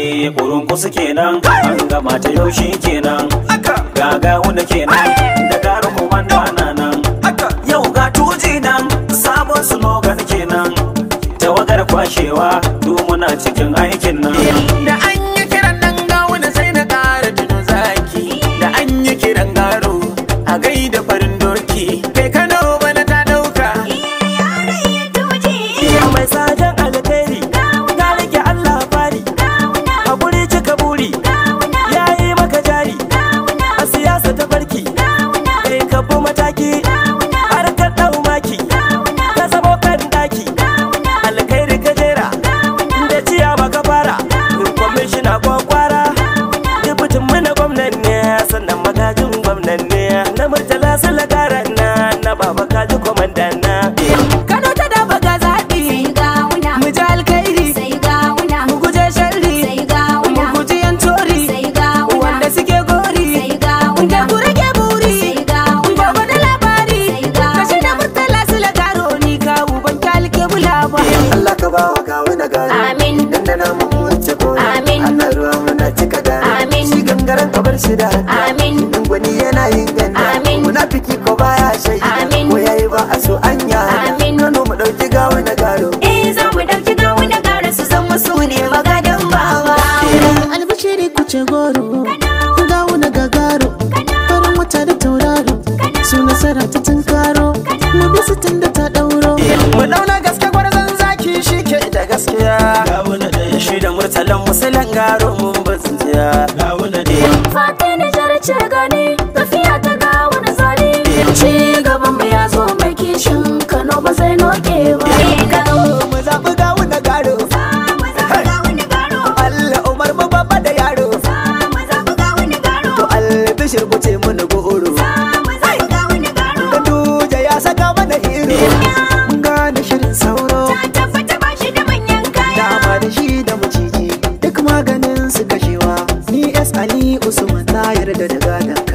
Eh kusa kenan an gama ta yaushe kenan gaga wanda kenan da garin komanda na nan yau ga tuji nan sabon slogan kenan tawagar kwashewa du cikin aikin nan su da amin gwani yana yin ganda munafiki ko baya shayi amin ko yayi ba a so anya amin nono mu dauki gawo na garo eh za mu dauki gawo na garo su san musu ne magadan bawa albashiri ku goro gawo na gagaro farin wata da tauraro su nasara ta tunkaro mu bi su da ta dauro eh, mu dauna gaske gwarzon zaki gaskiya na da shi da murtalan musulan garo mu tsintsiya gawuna ne fata ne jarce gani tafiya ta gawuna zali ci gaban mu ya zo mai kishin kano ba zai noke ba kano mu Allah Umar mu da yaro Allah mana goro Ganduje ya saka da gada